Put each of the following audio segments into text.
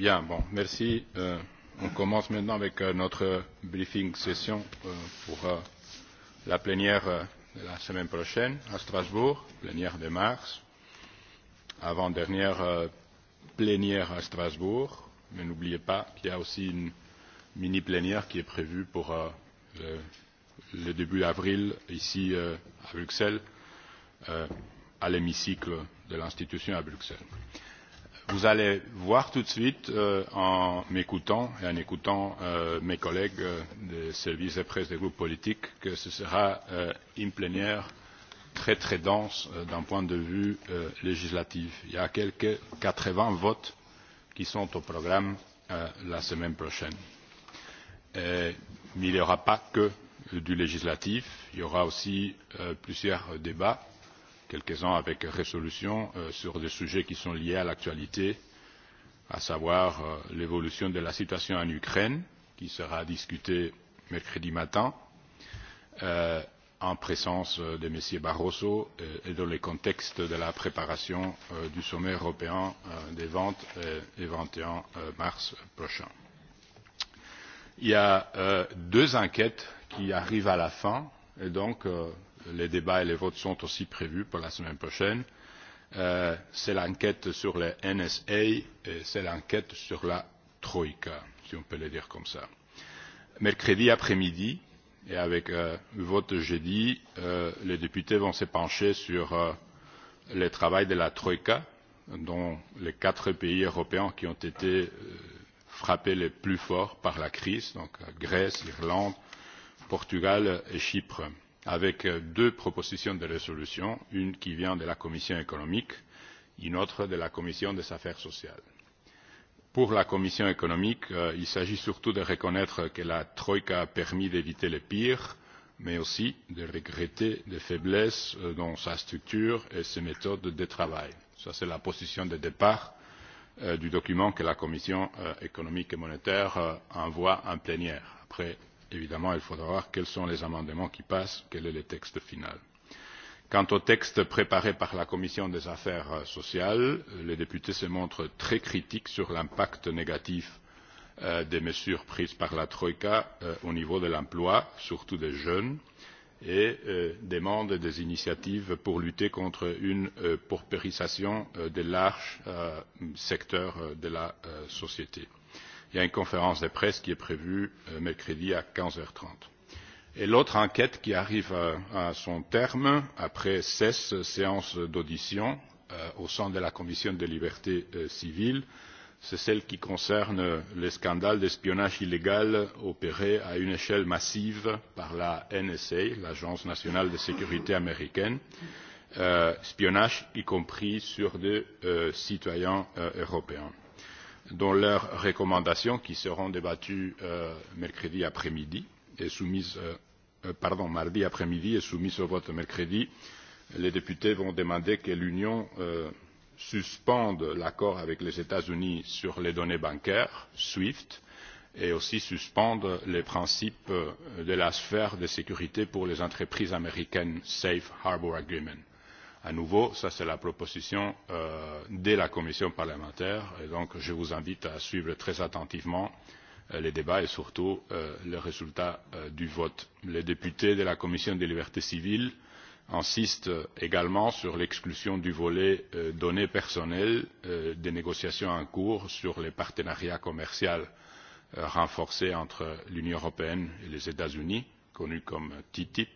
Bien, bon, merci. Euh, on commence maintenant avec euh, notre briefing session euh, pour euh, la plénière euh, de la semaine prochaine à Strasbourg, plénière de mars, avant-dernière euh, plénière à Strasbourg. Mais n'oubliez pas qu'il y a aussi une mini-plénière qui est prévue pour euh, le, le début avril ici euh, à Bruxelles, euh, à l'hémicycle de l'institution à Bruxelles. Vous allez voir tout de suite, euh, en m'écoutant et en écoutant euh, mes collègues euh, des services de presse des groupes politiques, que ce sera euh, une plénière très très dense euh, d'un point de vue euh, législatif. Il y a quelques 80 votes qui sont au programme euh, la semaine prochaine. Et, mais il n'y aura pas que du législatif, il y aura aussi euh, plusieurs débats quelques-uns avec résolution euh, sur des sujets qui sont liés à l'actualité, à savoir euh, l'évolution de la situation en Ukraine, qui sera discutée mercredi matin, euh, en présence euh, de M. Barroso et, euh, et dans le contexte de la préparation euh, du sommet européen euh, des ventes euh, et, et 21 euh, mars prochain. Il y a euh, deux enquêtes qui arrivent à la fin et donc euh, les débats et les votes sont aussi prévus pour la semaine prochaine. Euh, c'est l'enquête sur le NSA et c'est l'enquête sur la Troïka, si on peut le dire comme ça. Mercredi après-midi, et avec euh, le vote jeudi, euh, les députés vont se pencher sur euh, le travail de la Troïka, dont les quatre pays européens qui ont été euh, frappés les plus fort par la crise, donc euh, Grèce, Irlande, Portugal et Chypre avec euh, deux propositions de résolution, une qui vient de la Commission économique, une autre de la Commission des affaires sociales. Pour la Commission économique, euh, il s'agit surtout de reconnaître que la Troïka a permis d'éviter le pire, mais aussi de regretter les faiblesses euh, dans sa structure et ses méthodes de travail. Ça, c'est la position de départ euh, du document que la Commission euh, économique et monétaire euh, envoie en plénière, après évidemment, il faudra voir quels sont les amendements qui passent, quel est le texte final. Quant au texte préparé par la Commission des affaires sociales, les députés se montrent très critiques sur l'impact négatif euh, des mesures prises par la Troïka euh, au niveau de l'emploi, surtout des jeunes, et euh, demandent des initiatives pour lutter contre une euh, paupérisation euh, des larges euh, secteurs euh, de la euh, société. Il y a une conférence de presse qui est prévue euh, mercredi à 15h30. Et l'autre enquête qui arrive à, à son terme après 16 séances d'audition euh, au sein de la Commission des libertés euh, civiles, c'est celle qui concerne les scandales d'espionnage illégal opéré à une échelle massive par la NSA, l'Agence nationale de sécurité américaine, euh, espionnage y compris sur des euh, citoyens euh, européens dans leurs recommandations qui seront débattues euh, mercredi après-midi et soumises, euh, euh, pardon, mardi après-midi et soumises au vote mercredi. Les députés vont demander que l'Union euh, suspende l'accord avec les États-Unis sur les données bancaires, SWIFT, et aussi suspendre les principes euh, de la sphère de sécurité pour les entreprises américaines Safe Harbor Agreement à nouveau, ça c'est la proposition euh, de la commission parlementaire et donc je vous invite à suivre très attentivement euh, les débats et surtout euh, le résultat euh, du vote. Les députés de la commission des libertés civiles insistent euh, également sur l'exclusion du volet euh, données personnelles euh, des négociations en cours sur les partenariats commerciaux euh, renforcés entre l'Union européenne et les États-Unis, connus comme TTIP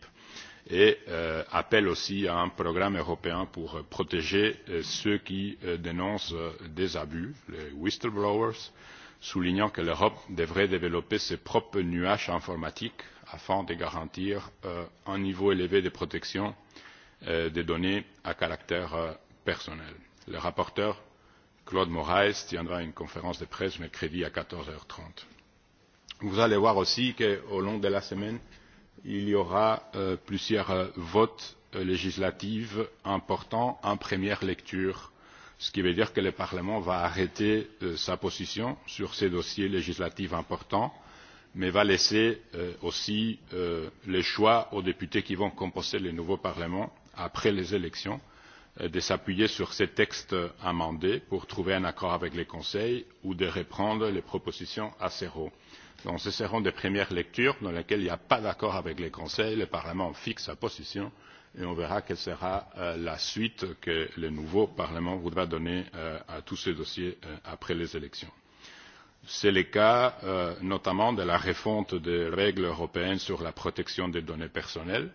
et euh, appelle aussi à un programme européen pour euh, protéger euh, ceux qui euh, dénoncent euh, des abus, les whistleblowers, soulignant que l'Europe devrait développer ses propres nuages informatiques afin de garantir euh, un niveau élevé de protection euh, des données à caractère euh, personnel. Le rapporteur Claude Moraes tiendra une conférence de presse mercredi à 14h30. Vous allez voir aussi qu'au long de la semaine, il y aura euh, plusieurs euh, votes euh, législatifs importants en première lecture, ce qui veut dire que le Parlement va arrêter euh, sa position sur ces dossiers législatifs importants, mais va laisser euh, aussi euh, le choix aux députés qui vont composer le nouveau Parlement après les élections euh, de s'appuyer sur ces textes amendés pour trouver un accord avec le Conseil ou de reprendre les propositions à zéro dans ce seront des premières lectures dans lesquelles il n'y a pas d'accord avec le Conseil, le Parlement fixe sa position et on verra quelle sera euh, la suite que le nouveau Parlement voudra donner euh, à tous ces dossiers euh, après les élections. C'est le cas euh, notamment de la refonte des règles européennes sur la protection des données personnelles.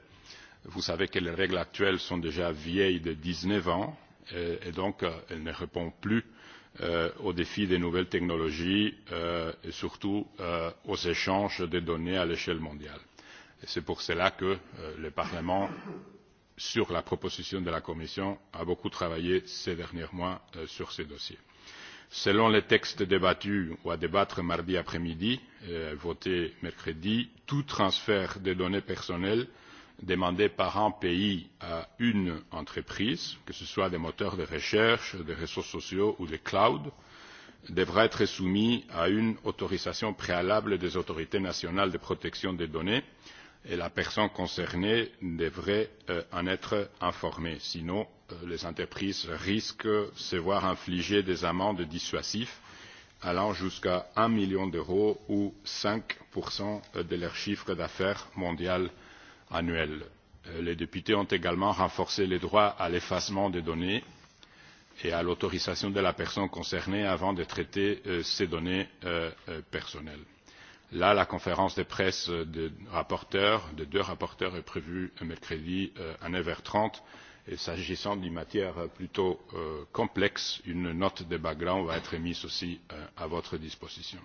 Vous savez que les règles actuelles sont déjà vieilles de 19 ans et, euh, et donc euh, elles ne répondent plus euh, au défi des nouvelles technologies euh, et surtout euh, aux échanges des données à l'échelle mondiale. C'est pour cela que euh, le Parlement, sur la proposition de la Commission, a beaucoup travaillé ces derniers mois euh, sur ces dossiers. Selon les textes débattus ou à débattre mardi après-midi, euh, votés mercredi, tout transfert des données personnelles euh, demandée par un pays à une entreprise, que ce soit des moteurs de recherche, des réseaux sociaux ou des clouds, devra être soumis à une autorisation préalable des autorités nationales de protection des données et la personne concernée devrait euh, en être informée. Sinon, euh, les entreprises risquent de se voir infliger des amendes dissuasives allant jusqu'à 1 million d'euros ou 5% de leur chiffre d'affaires mondial annuel. Euh, les députés ont également renforcé les droits à l'effacement des données et à l'autorisation de la personne concernée avant de traiter euh, ces données euh, euh personnelles. Là, la conférence de presse des rapporteurs, de deux rapporteurs, est prévue mercredi euh, à 9h30. Et s'agissant d'une matière plutôt euh, complexe, une note de background va être mise aussi euh, à votre disposition.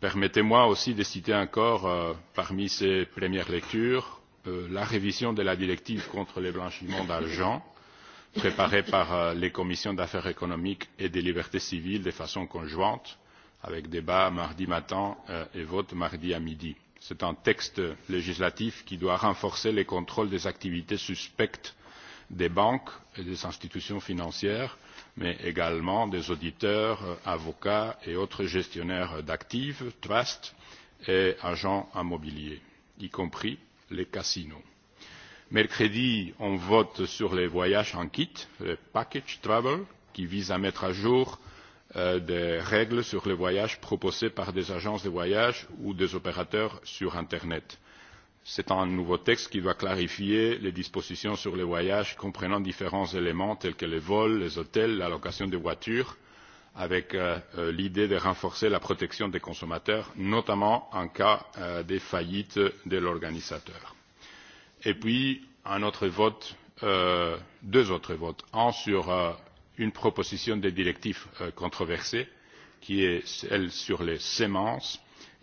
Permettez-moi aussi de citer encore, euh, parmi ces premières lectures, Euh, la révision de la directive contre le blanchiment d'argent préparée par euh, les commissions d'affaires économiques et des libertés civiles de façon conjointe, avec débat mardi matin euh, et vote mardi à midi. C'est un texte législatif qui doit renforcer les contrôles des activités suspectes des banques et des institutions financières, mais également des auditeurs, euh, avocats et autres gestionnaires d'actifs, trusts et agents immobiliers, y compris les casinos. Mercredi, on vote sur les voyages en kit, le package travel, qui vise à mettre à jour euh, des règles sur les voyages proposés par des agences de voyage ou des opérateurs sur Internet. C'est un nouveau texte qui doit clarifier les dispositions sur les voyages comprenant différents éléments tels que les vols, les hôtels, la location des voitures avec euh, euh, l'idée de renforcer la protection des consommateurs, notamment en cas euh, de faillite de l'organisateur. Et puis, un autre vote, euh, deux autres votes. Un sur euh, une proposition de directive euh, controversée, qui est celle sur les semences,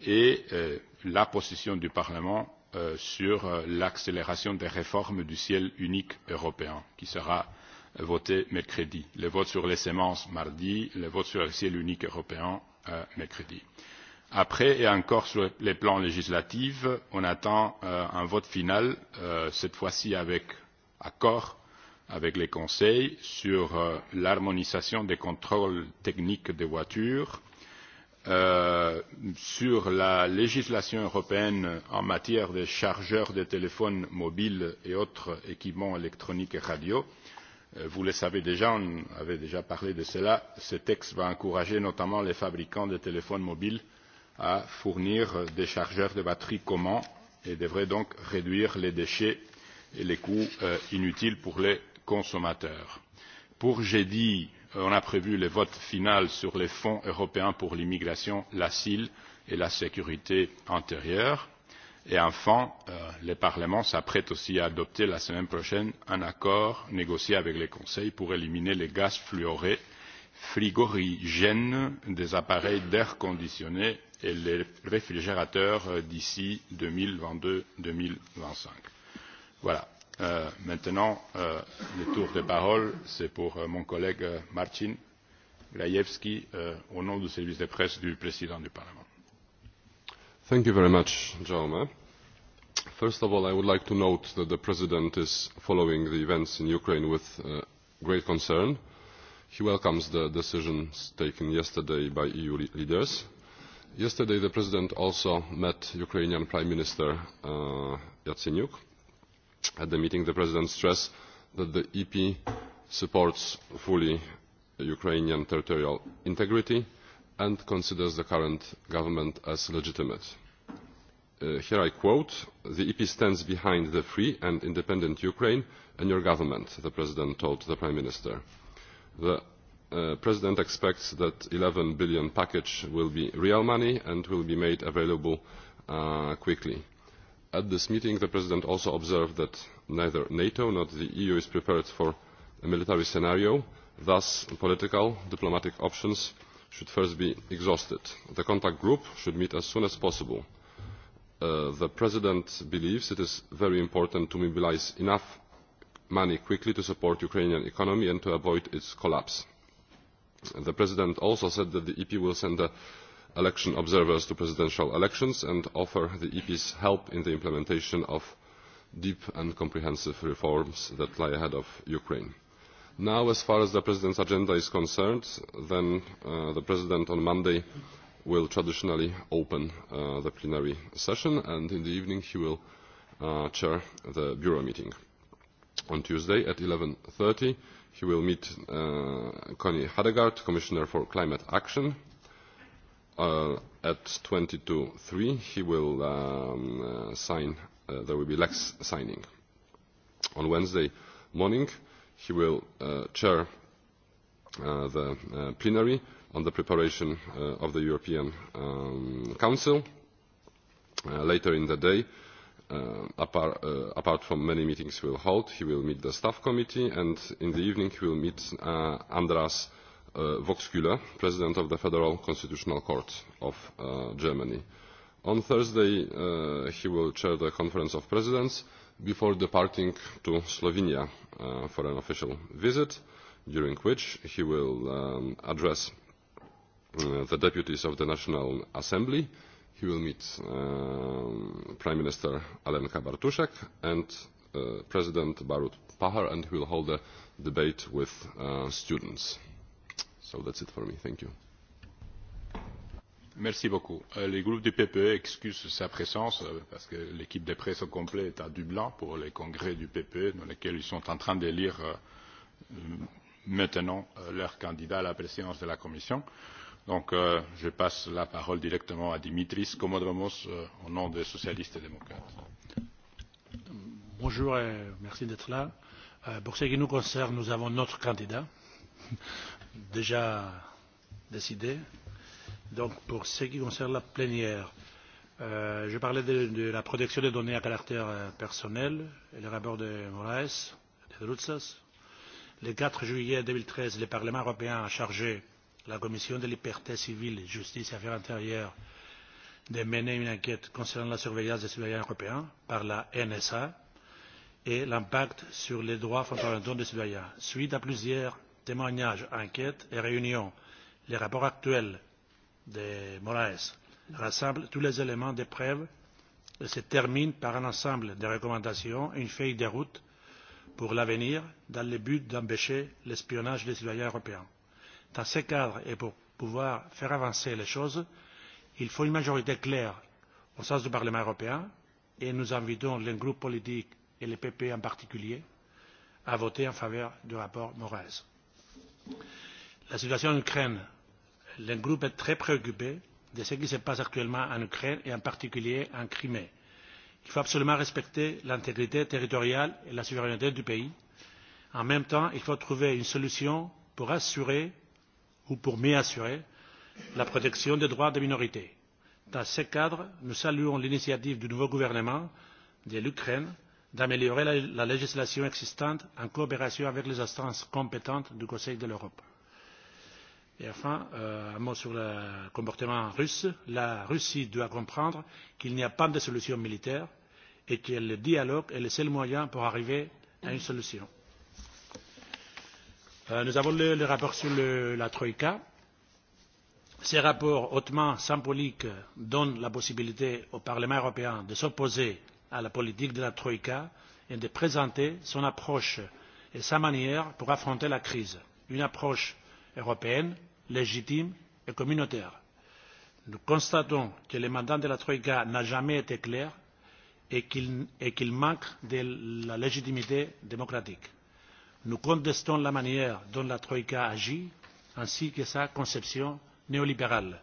et euh, la position du Parlement euh, sur euh, l'accélération des réformes du ciel unique européen, qui sera voté mercredi, le vote sur les semences mardi, le vote sur le ciel unique européen euh, mercredi. Après, et encore sur les plans législatifs, on attend euh, un vote final, euh, cette fois-ci avec accord avec les conseils sur euh, l'harmonisation des contrôles techniques des voitures, euh, sur la législation européenne en matière de chargeurs de téléphones mobiles et autres équipements électroniques et radios, Euh, vous le savez déjà, on avait déjà parlé de cela. Ce texte va encourager notamment les fabricants de téléphones mobiles à fournir des chargeurs de batterie communs et devrait donc réduire les déchets et les coûts euh, inutiles pour les consommateurs. Pour jeudi, euh, on a prévu le vote final sur les fonds européens pour l'immigration, l'asile et la sécurité intérieure Et enfin, euh, le Parlement s'apprête aussi à adopter la semaine prochaine un accord négocié avec le Conseil pour éliminer les gaz fluorés frigorigènes des appareils d'air conditionné et les réfrigérateurs d'ici 2022-2025. Voilà. Euh, maintenant, euh, le tour de parole, c'est pour euh, mon collègue euh, Martin Grajewski, euh, au nom du service de presse du président du Parlement. Thank you very much, Jaume. First of all, I would like to note that the President is following the events in Ukraine with uh, great concern. He welcomes the decisions taken yesterday by EU le leaders. Yesterday, the President also met Ukrainian Prime Minister uh, Yatsenyuk. At the meeting, the President stressed that the EP supports fully Ukrainian territorial integrity and considers the current government as legitimate uh, here I quote, the EP stands behind the free and independent Ukraine and your government, the President told the Prime Minister. The uh, President expects that 11 billion package will be real money and will be made available uh, quickly. At this meeting, the President also observed that neither NATO nor the EU is prepared for a military scenario. Thus, political, diplomatic options should first be exhausted. The contact group should meet as soon as possible Uh, the President believes it is very important to mobilize enough money quickly to support the Ukrainian economy and to avoid its collapse. The President also said that the EP will send the election observers to presidential elections and offer the EP's help in the implementation of deep and comprehensive reforms that lie ahead of Ukraine. Now, as far as the President's agenda is concerned, then uh, the President on Monday will traditionally open uh, the plenary session and in the evening he will uh, chair the bureau meeting. On Tuesday at 11.30 he will meet uh, Connie Hadegaard, Commissioner for Climate Action. Uh, at 22.03 he will um, uh, sign, uh, there will be Lex signing. On Wednesday morning he will uh, chair Uh, the uh, plenary on the preparation uh, of the European um, Council uh, later in the day. Uh, apart, uh, apart from many meetings we'll hold, he will meet the staff committee and in the evening he will meet uh, Andras uh, Voxküller, President of the Federal Constitutional Court of uh, Germany. On Thursday uh, he will chair the Conference of Presidents before departing to Slovenia uh, for an official visit during which he will um, address uh, the deputies of the National Assembly. He will meet um, Prime Minister Alen Kabartushek and uh, President Barut Pahar, and he will hold a debate with uh, students. So that's it for me. Thank you. Merci beaucoup. Euh, les groupes du PPE excusent sa présence euh, parce que l'équipe de presse au complet est à Dublin pour les congrès du PPE dans lesquels ils sont en train de lire euh, maintenant euh, leur candidat à la présidence de la Commission. Donc euh, je passe la parole directement à Dimitris Komodromos euh, au nom des socialistes et démocrates. Bonjour et merci d'être là. Euh, pour ce qui nous concerne, nous avons notre candidat déjà décidé. Donc pour ce qui concerne la plénière, euh, je parlais de, de la protection des données à caractère euh, personnel et le rapport de Moraes, de Rutsas, Le 4 juillet 2013, le Parlement européen a chargé la Commission de liberté civile, justice et affaires intérieures de mener une enquête concernant la surveillance des citoyens européens par la NSA et l'impact sur les droits fondamentaux des citoyens. Suite à plusieurs témoignages, enquêtes et réunions, les rapports actuels de Moraes rassemblent tous les éléments de preuve et se termine par un ensemble de recommandations et une feuille de route pour l'avenir dans le but d'empêcher l'espionnage des citoyens européens. Dans ce cadre et pour pouvoir faire avancer les choses, il faut une majorité claire au sens du Parlement européen et nous invitons les groupes politiques et les PP en particulier à voter en faveur du rapport Moraes. La situation en Ukraine, le groupe est très préoccupé de ce qui se passe actuellement en Ukraine et en particulier en Crimée qu'il faut absolument respecter l'intégrité territoriale et la souveraineté du pays. En même temps, il faut trouver une solution pour assurer ou pour mieux assurer la protection des droits des minorités. Dans ce cadre, nous saluons l'initiative du nouveau gouvernement de l'Ukraine d'améliorer la, la législation existante en coopération avec les instances compétentes du Conseil de l'Europe. Et enfin, euh, un mot sur le comportement russe. La Russie doit comprendre qu'il n'y a pas de solution militaire et que le dialogue est le seul moyen pour arriver à une solution. Euh, nous avons le, le rapport sur le, la Troïka. Ces rapports hautement symboliques donnent la possibilité au Parlement européen de s'opposer à la politique de la Troïka et de présenter son approche et sa manière pour affronter la crise. Une approche européenne légitime et communautaire. Nous constatons que le mandat de la Troïka n'a jamais été clair et qu'il qu manque de la légitimité démocratique. Nous contestons la manière dont la Troïka agit ainsi que sa conception néolibérale.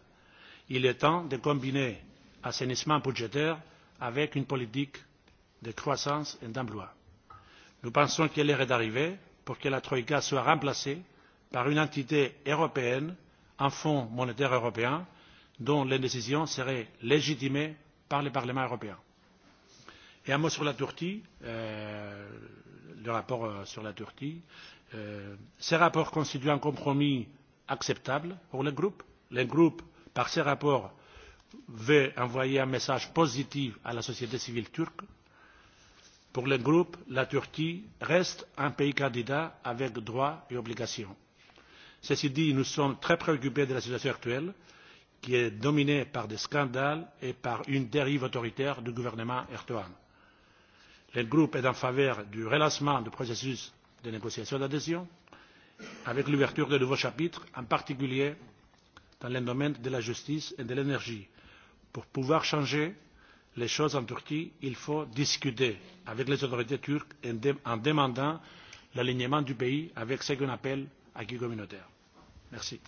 Il est temps de combiner assainissement budgétaire avec une politique de croissance et d'emploi. Nous pensons qu'il est d'arriver pour que la Troïka soit remplacée par une entité européenne, un fonds monétaire européen, dont les décisions seraient légitimées par le Parlement européen. Et un mot sur la Turquie, euh, le rapport euh, sur la Turquie. Euh, ce rapport constitue un compromis acceptable pour le groupe. Le groupe, par ce rapport, veut envoyer un message positif à la société civile turque. Pour le groupe, la Turquie reste un pays candidat avec droits et obligations. Ceci dit, nous sommes très préoccupés de la situation actuelle, qui est dominée par des scandales et par une dérive autoritaire du gouvernement Erdogan. Le groupe est en faveur du relancement du processus de négociation d'adhésion, avec l'ouverture de nouveaux chapitres, en particulier dans le domaine de la justice et de l'énergie. Pour pouvoir changer les choses en Turquie, il faut discuter avec les autorités turques en, en demandant l'alignement du pays avec ce qu'on appelle acquis communautaire. Merci.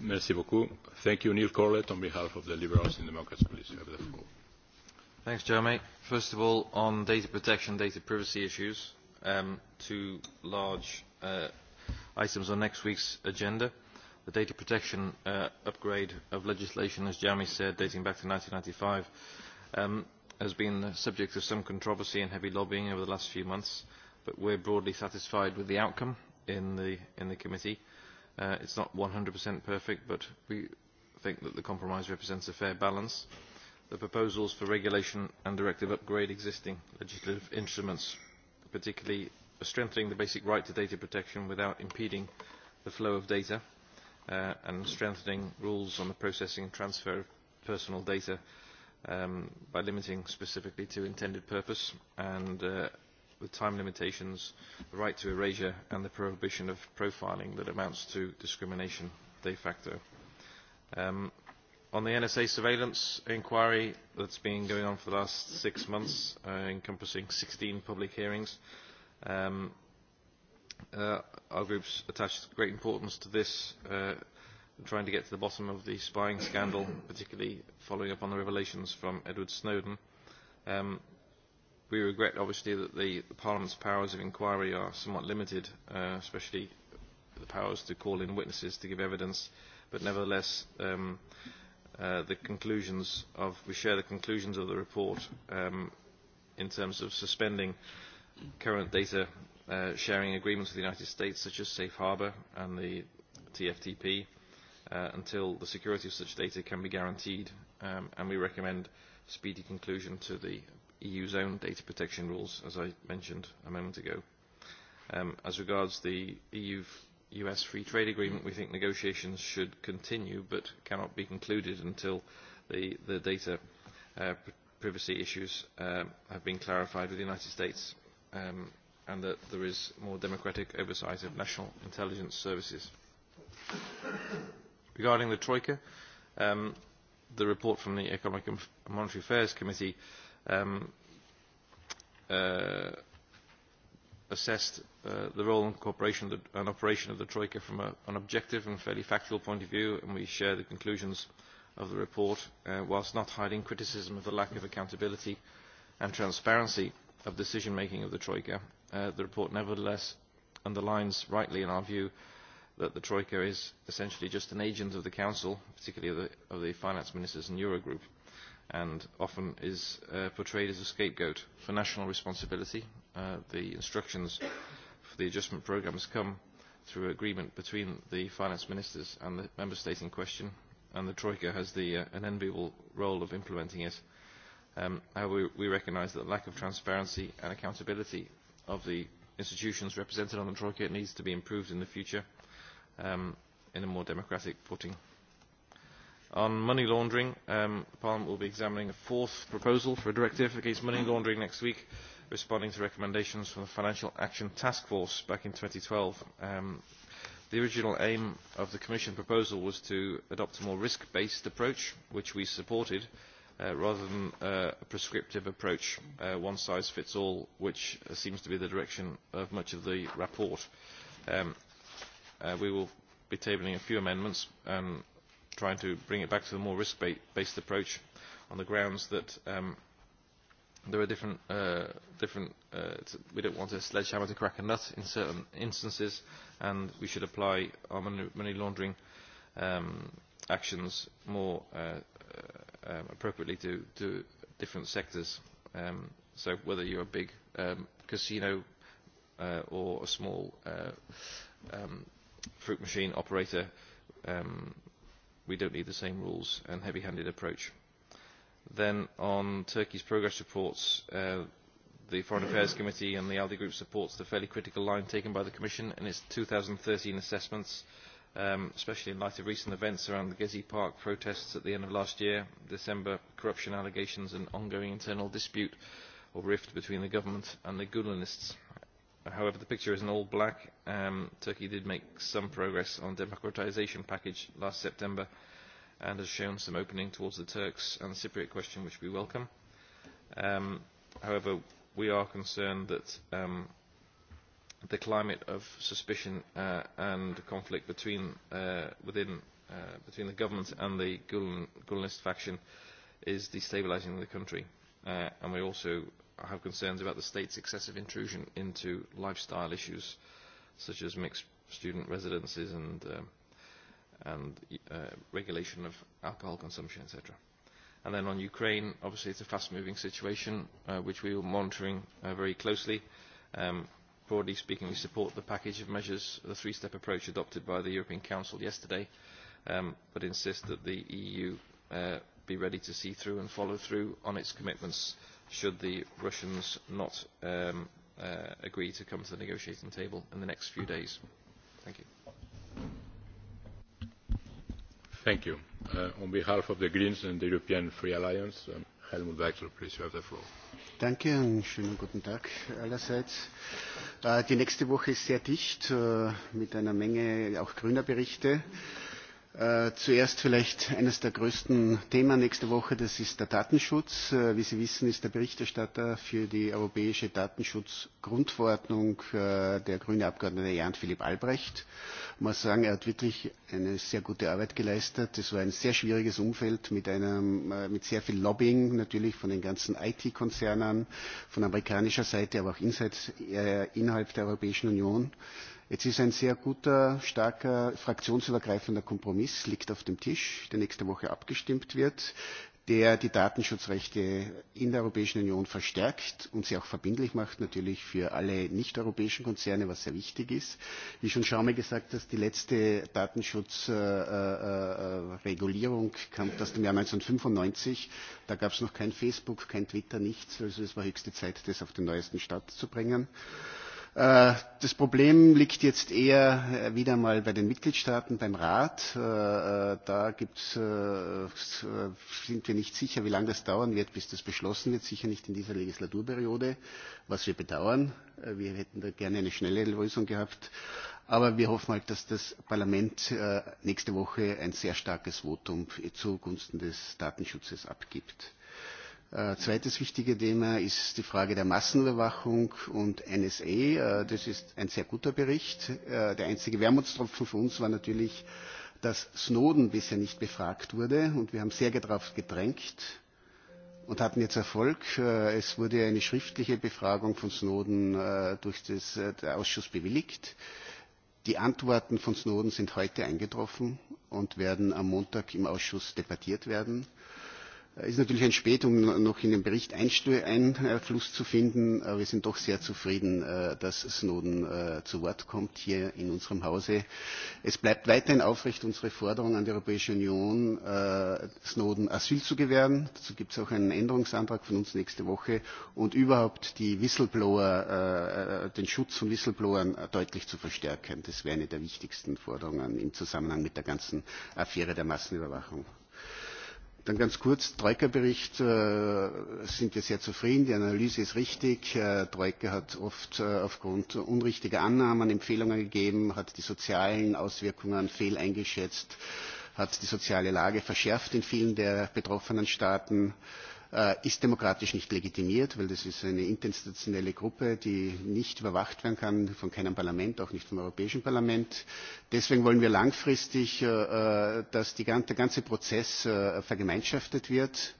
Merci beaucoup. Thank you, Neil Corlett, on behalf of the Liberals and Democrats. Please have the floor. Thanks, Jeremy. First of all, on data protection, data privacy issues, um, two large uh, items on next week's agenda. The data protection uh, upgrade of legislation, as Jeremy said, dating back to 1995, um, has been the subject of some controversy and heavy lobbying over the last few months, but we're broadly satisfied with the outcome in the, in the committee. Uh, it's not 100% perfect, but we think that the compromise represents a fair balance. The proposals for regulation and directive upgrade existing legislative instruments, particularly strengthening the basic right to data protection without impeding the flow of data, uh, and strengthening rules on the processing and transfer of personal data um, by limiting specifically to intended purpose and uh, with time limitations, the right to erasure and the prohibition of profiling that amounts to discrimination de facto. Um, on the NSA surveillance inquiry that's been going on for the last six months, uh, encompassing 16 public hearings, um, uh, our groups attached great importance to this, uh, trying to get to the bottom of the spying scandal, particularly following up on the revelations from Edward Snowden. Um, we regret obviously that the, the Parliament's powers of inquiry are somewhat limited, uh, especially the powers to call in witnesses to give evidence, but nevertheless um, uh, the conclusions of, we share the conclusions of the report um, in terms of suspending current data uh, sharing agreements with the United States such as Safe Harbour and the TFTP uh, until the security of such data can be guaranteed um, and we recommend speedy conclusion to the EU's own data protection rules, as I mentioned a moment ago. Um, as regards the EU-US free trade agreement, we think negotiations should continue but cannot be concluded until the, the data uh, privacy issues uh, have been clarified with the United States um, and that there is more democratic oversight of national intelligence services. Regarding the Troika, um, the report from the Economic and Monetary Affairs Committee uh, um, uh, assessed uh, the role and cooperation and operation of the Troika from a, an objective and fairly factual point of view, and we share the conclusions of the report, uh, whilst not hiding criticism of the lack of accountability and transparency of decision-making of the Troika. Uh, the report nevertheless underlines rightly, in our view, that the Troika is essentially just an agent of the Council, particularly of the, of the finance ministers and Eurogroup and often is uh, portrayed as a scapegoat for national responsibility. Uh, the instructions for the adjustment programme has come through agreement between the finance ministers and the member state in question, and the Troika has the, uh, an enviable role of implementing it. Um, however, we, we recognise that the lack of transparency and accountability of the institutions represented on the Troika needs to be improved in the future um, in a more democratic footing. On money laundering, um, Parliament will be examining a fourth proposal for a directive against money laundering next week, responding to recommendations from the Financial Action Task Force back in 2012. Um, the original aim of the Commission proposal was to adopt a more risk-based approach, which we supported, uh, rather than uh, a prescriptive approach, uh, one size fits all, which uh, seems to be the direction of much of the report. Um, uh, we will be tabling a few amendments. Um, trying to bring it back to the more risk-based approach on the grounds that um, there are different, uh, different uh, we don't want a sledgehammer to crack a nut in certain instances, and we should apply our money laundering um, actions more uh, uh, um, appropriately to, to different sectors. Um, so whether you're a big um, casino uh, or a small uh, um, fruit machine operator, um, we don't need the same rules and heavy-handed approach. Then on Turkey's progress reports, uh, the Foreign Affairs Committee and the ALDE Group supports the fairly critical line taken by the Commission in its 2013 assessments, um, especially in light of recent events around the Gezi Park protests at the end of last year, December corruption allegations and ongoing internal dispute or rift between the government and the Gulenists. However, the picture is in all black. Um, Turkey did make some progress on the democratisation package last September and has shown some opening towards the Turks and the Cypriot question, which we welcome. Um, however, we are concerned that um, the climate of suspicion uh, and conflict between, uh, within, uh, between the government and the Gulen, Gulenist faction is destabilising the country. Uh, and we also I have concerns about the state's excessive intrusion into lifestyle issues such as mixed student residences and, uh, and uh, regulation of alcohol consumption, etc. And then on Ukraine, obviously it's a fast-moving situation uh, which we are monitoring uh, very closely. Um, broadly speaking, we support the package of measures, the three-step approach adopted by the European Council yesterday, um, but insist that the EU uh, be ready to see through and follow through on its commitments uh, should the Russians not um, uh, agree to come to the negotiating table in the next few days. Thank you. Thank you. Uh, on behalf of the Greens and the European Free Alliance, um, Helmut Weichler, please, you have the floor. you and schönen guten Tag allerseits. Uh, die nächste Woche ist sehr dicht uh, mit einer Menge auch grüner Berichte. Äh, zuerst vielleicht eines der größten Themen nächste Woche, das ist der Datenschutz. Äh, wie Sie wissen, ist der Berichterstatter für die europäische Datenschutzgrundverordnung äh, der grüne Abgeordnete Jan Philipp Albrecht. Ich muss sagen, er hat wirklich eine sehr gute Arbeit geleistet. Es war ein sehr schwieriges Umfeld mit, einem, mit sehr viel Lobbying, natürlich von den ganzen IT-Konzernen, von amerikanischer Seite, aber auch inside, innerhalb der Europäischen Union Jetzt ist ein sehr guter, starker, fraktionsübergreifender Kompromiss, liegt auf dem Tisch, der nächste Woche abgestimmt wird, der die Datenschutzrechte in der Europäischen Union verstärkt und sie auch verbindlich macht, natürlich für alle nicht-europäischen Konzerne, was sehr wichtig ist. Wie schon Schaume gesagt hat, die letzte Datenschutzregulierung äh, äh, kam aus dem Jahr 1995. Da gab es noch kein Facebook, kein Twitter, nichts. Also es war höchste Zeit, das auf den neuesten Start zu bringen. Äh, das Problem liegt jetzt eher äh, wieder mal bei den Mitgliedstaaten, beim Rat. Äh, da gibt's, sind wir nicht sicher, wie lange das dauern wird, bis das beschlossen wird. Sicher nicht in dieser Legislaturperiode, was wir bedauern. Wir hätten da gerne eine schnelle Lösung gehabt. Aber wir hoffen halt, dass das Parlament nächste Woche ein sehr starkes Votum zugunsten des Datenschutzes abgibt. Äh, zweites wichtige Thema ist die Frage der Massenüberwachung und NSA. Äh, das ist ein sehr guter Bericht. Äh, der einzige Wermutstropfen für uns war natürlich, dass Snowden bisher nicht befragt wurde und wir haben sehr darauf gedrängt und hatten jetzt Erfolg. Äh, es wurde eine schriftliche Befragung von Snowden äh, durch das, äh, den Ausschuss bewilligt. Die Antworten von Snowden sind heute eingetroffen und werden am Montag im Ausschuss debattiert werden. Äh, ist natürlich ein Spät, um noch in den Bericht Einfluss zu finden. Aber äh, wir sind doch sehr zufrieden, äh, dass Snowden zu Wort kommt hier in unserem Hause. Es bleibt weiterhin aufrecht unsere Forderung an die Europäische Union, Snowden Asyl zu gewähren. Dazu gibt es auch einen Änderungsantrag von uns nächste Woche und überhaupt die Whistleblower, den Schutz von Whistleblowern deutlich zu verstärken. Das wäre eine der wichtigsten Forderungen im Zusammenhang mit der ganzen Affäre der Massenüberwachung. Dann ganz kurz, Troika-Bericht äh, sind wir sehr zufrieden, die Analyse ist richtig. Äh, Troika hat oft äh, aufgrund unrichtiger Annahmen Empfehlungen gegeben, hat die sozialen Auswirkungen fehl eingeschätzt, hat die soziale Lage verschärft in vielen der betroffenen Staaten. Äh, äh, ist demokratisch nicht legitimiert, weil das ist eine interinstitutionelle Gruppe, die nicht überwacht werden kann von keinem Parlament, auch nicht vom Europäischen Parlament. Deswegen wollen wir langfristig, äh, äh dass die, der ganze Prozess äh, vergemeinschaftet wird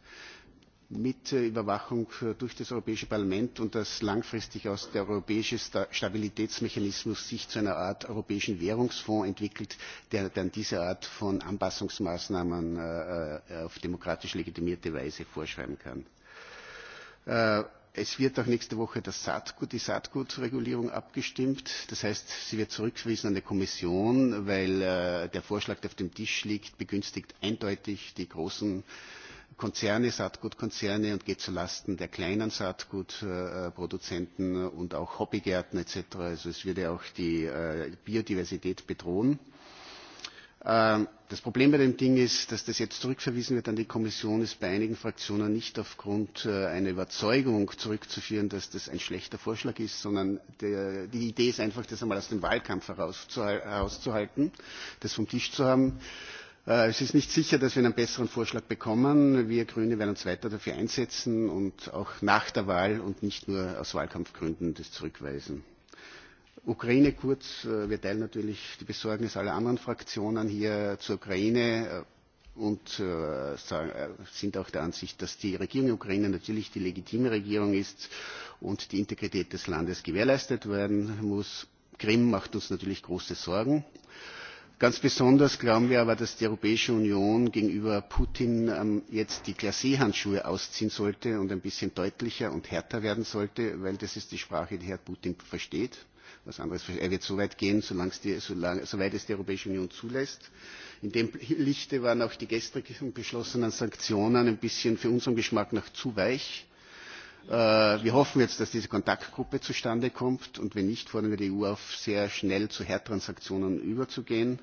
mit Überwachung durch das Europäische Parlament und dass langfristig aus der europäische Stabilitätsmechanismus sich zu einer Art europäischen Währungsfonds entwickelt, der dann diese Art von Anpassungsmaßnahmen äh, äh, auf demokratisch legitimierte Weise vorschreiben kann. Äh, es wird auch nächste Woche das Saatgut, die Saatgutregulierung abgestimmt. Das heißt, sie wird zurückgewiesen an die Kommission, weil äh, der Vorschlag, der auf dem Tisch liegt, begünstigt eindeutig die großen äh, Konzerne, Saatgutkonzerne und geht zu Lasten der kleinen Saatgutproduzenten und auch Hobbygärten etc. Also es würde auch die äh, Biodiversität bedrohen. Ähm, das Problem bei dem Ding ist, dass das jetzt zurückverwiesen wird an die Kommission, ist bei einigen Fraktionen nicht aufgrund äh, einer Überzeugung zurückzuführen, dass das ein schlechter Vorschlag ist, sondern der, die Idee ist einfach, das einmal aus dem Wahlkampf herauszuhalten, das vom Tisch zu haben. Äh, es ist nicht sicher, dass wir einen besseren Vorschlag bekommen. Wir Grüne werden uns weiter dafür einsetzen und auch nach der Wahl und nicht nur aus Wahlkampfgründen das zurückweisen. Ukraine kurz. Äh, wir teilen natürlich die Besorgnis aller anderen Fraktionen hier zur Ukraine äh, und sind auch der Ansicht, dass die Regierung der Ukraine natürlich die legitime Regierung ist und die Integrität des Landes gewährleistet werden muss. Krim macht uns natürlich große Sorgen. Äh, Ganz besonders glauben wir aber, dass die Europäische Union gegenüber Putin ähm, jetzt die Klassehandschuhe ausziehen sollte und ein bisschen deutlicher und härter werden sollte, weil das ist die Sprache, die Herr Putin versteht. Was anderes, er wird so weit gehen, die, solange, soweit es die Europäische Union zulässt. In dem Lichte waren auch die gestrigen beschlossenen Sanktionen ein bisschen für unseren Geschmack noch zu weich Äh, wir hoffen jetzt, dass diese Kontaktgruppe zustande kommt und wenn nicht, fordern wir die EU auf, sehr schnell zu Herdtransaktionen überzugehen.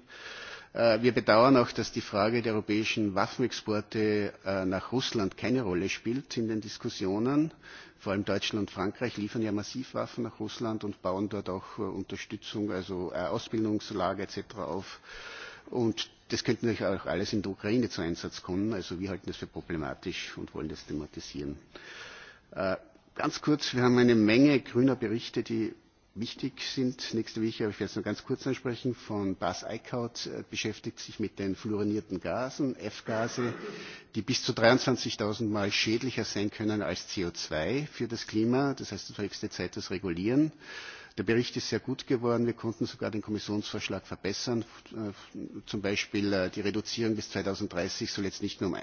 Äh, wir bedauern auch, dass die Frage der europäischen Waffenexporte äh, nach Russland keine Rolle spielt in den Diskussionen. Vor allem Deutschland und Frankreich liefern ja massiv Waffen nach Russland und bauen dort auch Unterstützung, also Ausbildungslage etc. auf. Und das könnte natürlich auch alles in der Ukraine zu Einsatz kommen. Also wir halten das für problematisch und wollen das thematisieren. Äh, Äh, ganz kurz, wir haben eine Menge grüner Berichte, die wichtig sind. Nächste Woche, aber ich werde es nur ganz kurz ansprechen, von Bas Eickhout äh, beschäftigt sich mit den fluorinierten Gasen, F-Gase, die bis zu 23.000 Mal schädlicher sein können als CO2 für das Klima. Das heißt, es ist höchste Zeit, das regulieren. Der Bericht ist sehr gut geworden. Wir konnten sogar den Kommissionsvorschlag verbessern. Äh, zum Beispiel äh, die Reduzierung bis 2030 soll jetzt nicht nur um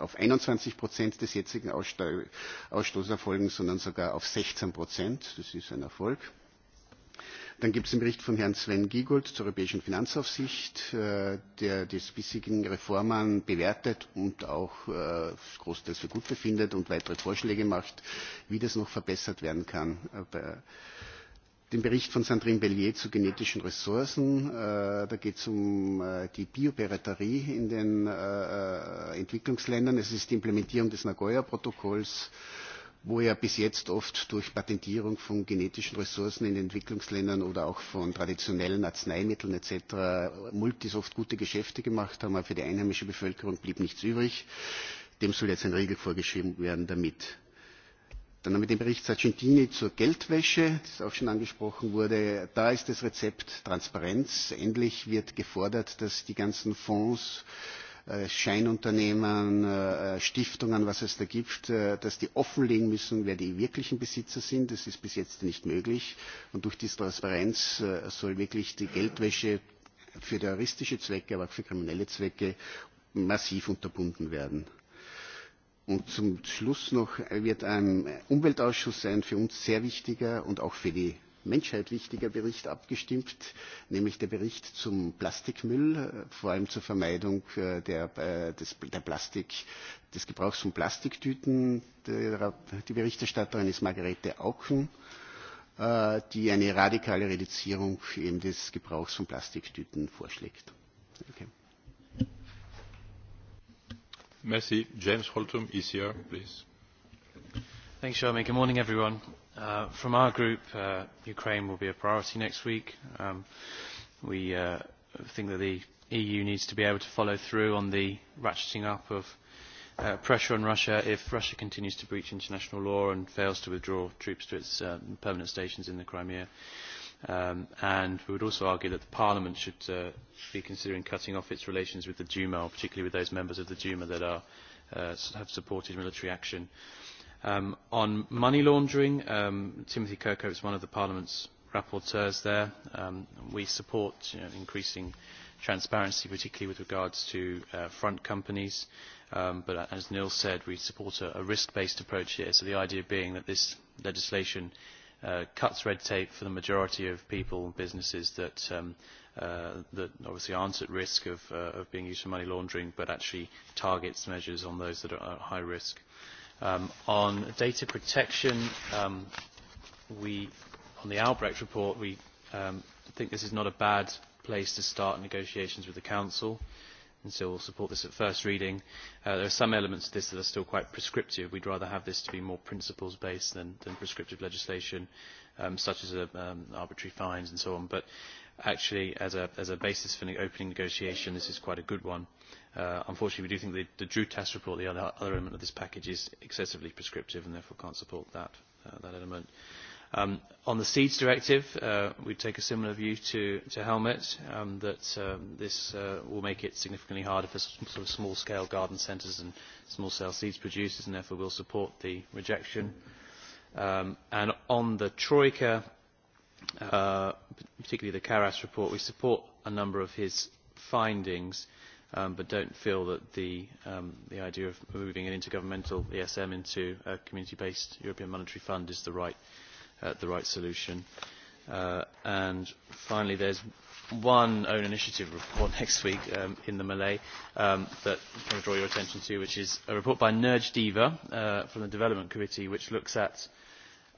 auf 21 Prozent des jetzigen Ausstoßerfolgens, Ausstoßes erfolgen, sondern sogar auf 16 Prozent. Das ist ein Erfolg. Dann gibt es den Bericht von Herrn Sven Giegold zur europäischen Finanzaufsicht, äh, der die bisherigen Reformen bewertet und auch äh, großteils für gut befindet und weitere Vorschläge macht, wie das noch verbessert werden kann. bei, den Bericht von Sandrine Bellier zu genetischen Ressourcen. Äh, da geht es um äh, die Biopiraterie in den äh, äh, Entwicklungsländern. Es ist die Implementierung des Nagoya-Protokolls, wo ja bis jetzt oft durch Patentierung von genetischen Ressourcen in Entwicklungsländern oder auch von traditionellen Arzneimitteln etc. Multis oft gute Geschäfte gemacht haben, aber für die einheimische Bevölkerung blieb nichts übrig. Dem soll jetzt ein Regel vorgeschrieben werden damit. Dann haben wir den Bericht Sargentini zur Geldwäsche, das auch schon angesprochen wurde. Da ist das Rezept Transparenz. Endlich wird gefordert, dass die ganzen Fonds, äh, Scheinunternehmen, äh, äh, Stiftungen, was es da gibt, dass die offenlegen müssen, wer die wirklichen Besitzer sind. Das ist bis jetzt nicht möglich. Und durch diese Transparenz soll wirklich die Geldwäsche für terroristische Zwecke, aber auch für kriminelle Zwecke massiv unterbunden werden. Und zum Schluss noch wird ein Umweltausschuss ein für uns sehr wichtiger und auch für die Menschheit wichtiger Bericht abgestimmt, nämlich der Bericht zum Plastikmüll, äh, vor allem zur Vermeidung äh, der, äh, des, der Plastik, des Gebrauchs von Plastiktüten. Die Berichterstatterin ist Margarete Auken, die eine radikale Reduzierung eben des Gebrauchs von Plastiktüten vorschlägt. Okay. Merci. James Holtum, ECR, please. Thanks, Charmaine. Good morning, everyone. Uh, from our group, uh, Ukraine will be a priority next week. Um, we uh, think that the EU needs to be able to follow through on the ratcheting up of uh, pressure on Russia if Russia continues to breach international law and fails to withdraw troops to its uh, permanent stations in the Crimea. Um, and we would also argue that the Parliament should uh, be considering cutting off its relations with the Duma, particularly with those members of the Duma that are, uh, have supported military action. Um, on money laundering, um, Timothy Kirkhope is one of the Parliament's rapporteurs there. Um, we support you know, increasing transparency, particularly with regards to uh, front companies. Um, but as Neil said, we support a, a risk-based approach here, so the idea being that this legislation uh, cuts red tape for the majority of people and businesses that, um, uh, that obviously aren't at risk of, uh, of being used for money laundering, but actually targets measures on those that are at high risk. Um, on data protection, um, we, on the Albrecht report, we um, think this is not a bad place to start negotiations with the Council and so we'll support this at first reading. Uh, there are some elements of this that are still quite prescriptive. We'd rather have this to be more principles-based than, than prescriptive legislation, um, such as uh, um, arbitrary fines and so on. But actually, as a, as a basis for the opening negotiation, this is quite a good one. Uh, unfortunately, we do think the, the Drew Test report, the other, other element of this package, is excessively prescriptive and therefore can't support that, uh, that element. Um, on the seeds directive, uh, we take a similar view to, to helmet, um, that um, this uh, will make it significantly harder for sort of small-scale garden centres and small-scale seeds producers, and therefore will support the rejection. Um, and on the Troika, uh, particularly the Karas report, we support a number of his findings, um, but don't feel that the, um, the idea of moving an intergovernmental ESM into a community-based European Monetary Fund is the right uh, the right solution. Uh, and finally, there's one own initiative report next week um, in the Malay um, that I'm going to draw your attention to, which is a report by Nerj Diva uh, from the Development Committee, which looks at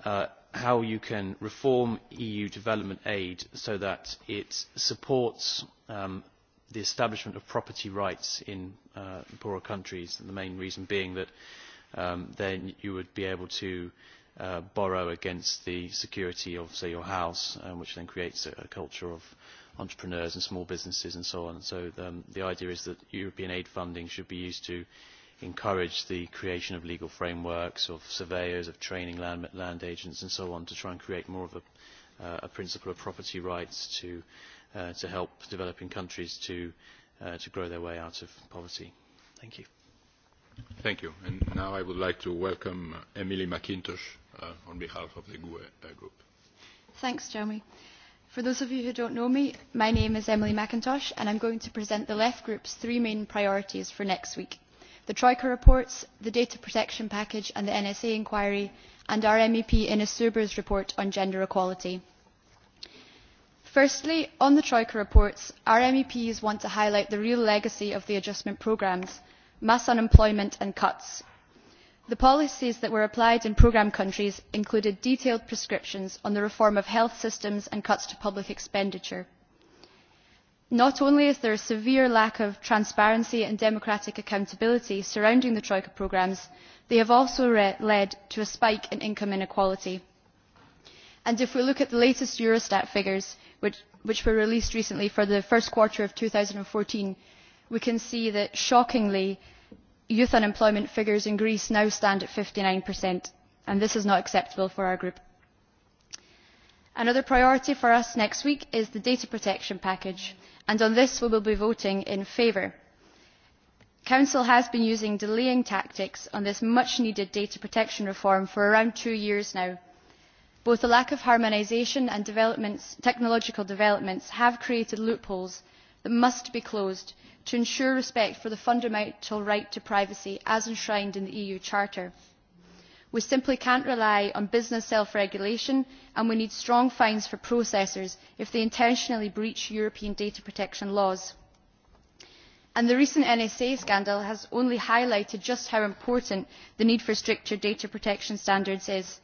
uh, how you can reform EU development aid so that it supports um, the establishment of property rights in uh, poorer countries, and the main reason being that um, then you would be able to uh, uh, borrow against the security of, say, your house, um, which then creates a, a culture of entrepreneurs and small businesses and so on. So um, the idea is that European aid funding should be used to encourage the creation of legal frameworks, of surveyors, of training land, land agents and so on to try and create more of a, uh, a principle of property rights to, uh, to help developing countries to, uh, to grow their way out of poverty. Thank you. Thank you. And now I would like to welcome Emily McIntosh uh, on behalf of the GUE uh, group. Thanks, Jeremy. For those of you who don't know me, my name is Emily McIntosh and I'm going to present the Left Group's three main priorities for next week. The Troika reports, the Data Protection Package and the NSA inquiry, and our MEP Ines Suber's report on gender equality. Firstly, on the Troika reports, our MEPs want to highlight the real legacy of the adjustment programmes, mass unemployment and cuts, The policies that were applied in programme countries included detailed prescriptions on the reform of health systems and cuts to public expenditure. Not only is there a severe lack of transparency and democratic accountability surrounding the Troika programmes, they have also led to a spike in income inequality. And if we look at the latest Eurostat figures, which, which were released recently for the first quarter of fourteen, we can see that, shockingly, youth unemployment figures in Greece now stand at 59%, and this is not acceptable for our group. Another priority for us next week is the data protection package, and on this we will be voting in favour. Council has been using delaying tactics on this much-needed data protection reform for around two years now. Both the lack of harmonisation and developments, technological developments have created loopholes that must be closed to ensure respect for the fundamental right to privacy as enshrined in the EU Charter. We simply cannot rely on business self-regulation and we need strong fines for processors if they intentionally breach European data protection laws. And the recent NSA scandal has only highlighted just how important the need for stricter data protection standards is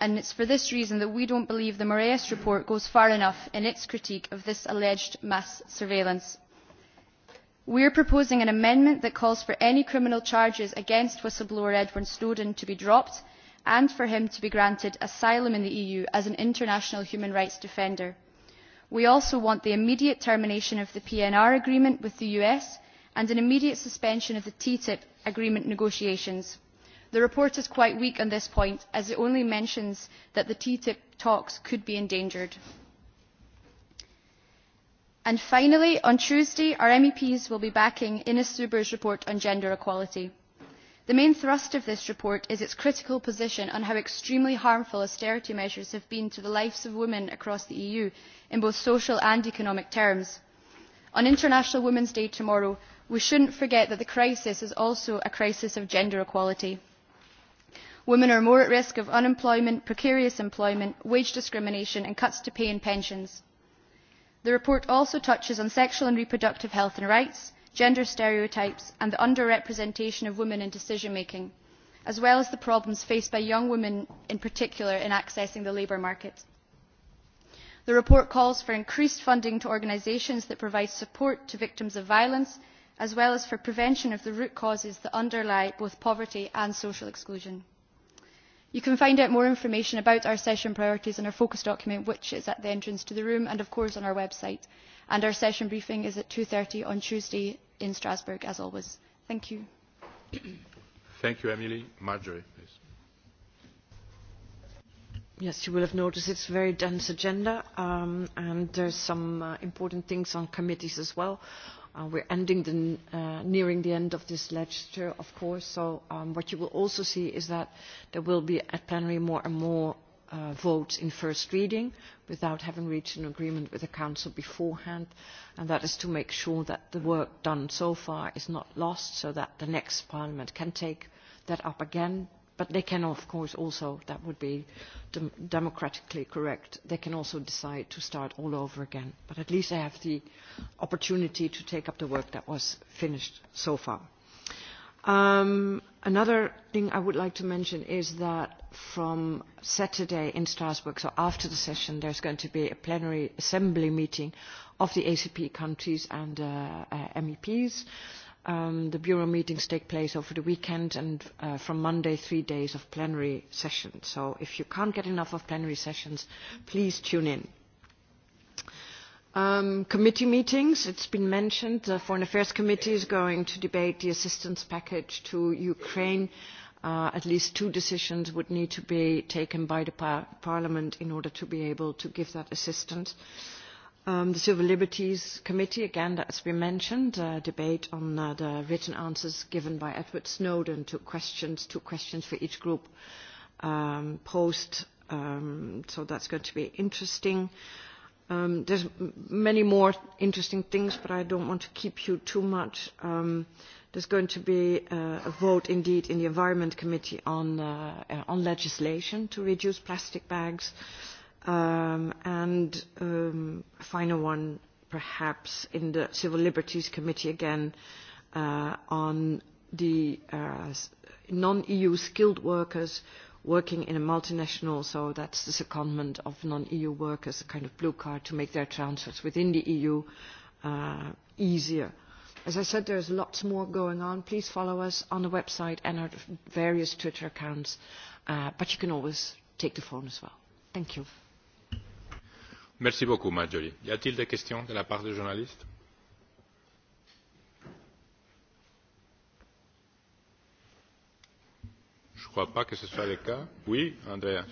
and it is for this reason that we do not believe the moraes report goes far enough in its critique of this alleged mass surveillance. we are proposing an amendment that calls for any criminal charges against whistleblower edward snowden to be dropped and for him to be granted asylum in the eu as an international human rights defender. we also want the immediate termination of the pnr agreement with the us and an immediate suspension of the ttip agreement negotiations The report is quite weak on this point as it only mentions that the TTIP talks could be endangered. And finally, on Tuesday, our MEPs will be backing Ines Suber's report on gender equality. The main thrust of this report is its critical position on how extremely harmful austerity measures have been to the lives of women across the EU in both social and economic terms. On International Women's Day tomorrow, we should not forget that the crisis is also a crisis of gender equality. Women are more at risk of unemployment, precarious employment, wage discrimination and cuts to pay and pensions. The report also touches on sexual and reproductive health and rights, gender stereotypes and the under-representation of women in decision making, as well as the problems faced by young women in particular in accessing the labour market. The report calls for increased funding to organisations that provide support to victims of violence, as well as for prevention of the root causes that underlie both poverty and social exclusion. You can find out more information about our session priorities in our focus document, which is at the entrance to the room and, of course, on our website. And our session briefing is at 2.30 on Tuesday in Strasbourg, as always. Thank you. Thank you, Emily. Marjorie, please. Yes, you will have noticed it's a very dense agenda, um, and there's some uh, important things on committees as well. Uh, we're ending the, uh, nearing the end of this legislature, of course, so um, what you will also see is that there will be at plenary more and more uh, votes in first reading without having reached an agreement with the Council beforehand, and that is to make sure that the work done so far is not lost so that the next Parliament can take that up again but they can of course also, that would be dem democratically correct, they can also decide to start all over again. But at least they have the opportunity to take up the work that was finished so far. Um, another thing I would like to mention is that from Saturday in Strasbourg, so after the session, there's going to be a plenary assembly meeting of the ACP countries and uh, uh, MEPs. Um, the Bureau meetings take place over the weekend and uh, from Monday, three days of plenary sessions. So if you can't get enough of plenary sessions, please tune in. Um, committee meetings, it's been mentioned, the Foreign Affairs Committee is going to debate the assistance package to Ukraine. Uh, at least two decisions would need to be taken by the par Parliament in order to be able to give that assistance. Uh, Um, the Civil Liberties Committee, again, that's been mentioned, uh, debate on uh, the written answers given by Edward Snowden to questions, two questions for each group um, post. Um, so that's going to be interesting. Um, there's many more interesting things, but I don't want to keep you too much. Um, there's going to be uh, a vote, indeed, in the Environment Committee on, uh, on legislation to reduce plastic bags. Uh, Um, and um, a final one, perhaps, in the Civil Liberties Committee again uh, on the uh, non-EU skilled workers working in a multinational, so that's the secondment of non-EU workers, a kind of blue card to make their transfers within the EU uh, easier. As I said, there's lots more going on. Please follow us on the website and our various Twitter accounts, uh, but you can always take the phone as well. Thank you. Merci beaucoup, Marjorie. Y a-t-il des questions de la part des journalistes Je ne crois pas que ce soit le cas. Oui, Andreas.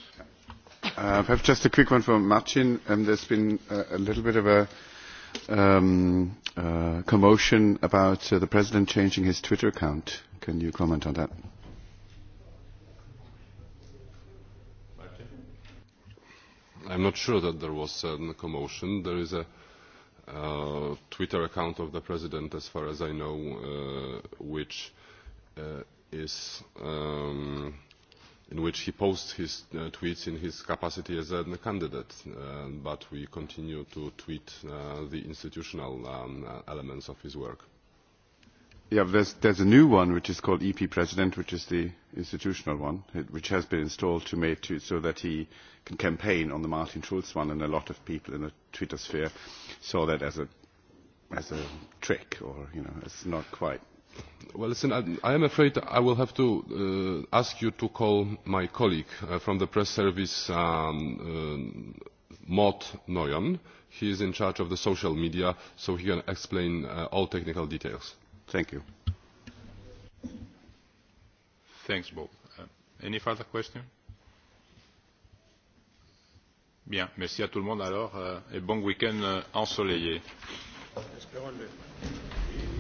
Uh, I have just a quick one for Martin. Um, there's been a, uh, a little bit of a um, uh, commotion about uh, the president changing his Twitter account. Can you comment on that? I'm not sure that there was a commotion. There is a uh, Twitter account of the president, as far as I know, uh, which uh, is um, in which he posts his uh, tweets in his capacity as a candidate, uh, but we continue to tweet uh, the institutional um, uh, elements of his work. Yeah, there's, there's a new one which is called EP President, which is the institutional one, which has been installed to make to, so that he can campaign on the Martin Schulz one, and a lot of people in the Twitter sphere saw that as a as a trick, or you know, it's not quite. Well, listen, I, I am afraid I will have to uh, ask you to call my colleague uh, from the press service, um, uh, Mott Noyon. He is in charge of the social media, so he can explain uh, all technical details. Thank you. Thanks, Bob. Uh, any further question? Bien, merci à tout le monde alors uh, et bon week-end euh, ensoleillé. Espérons-le.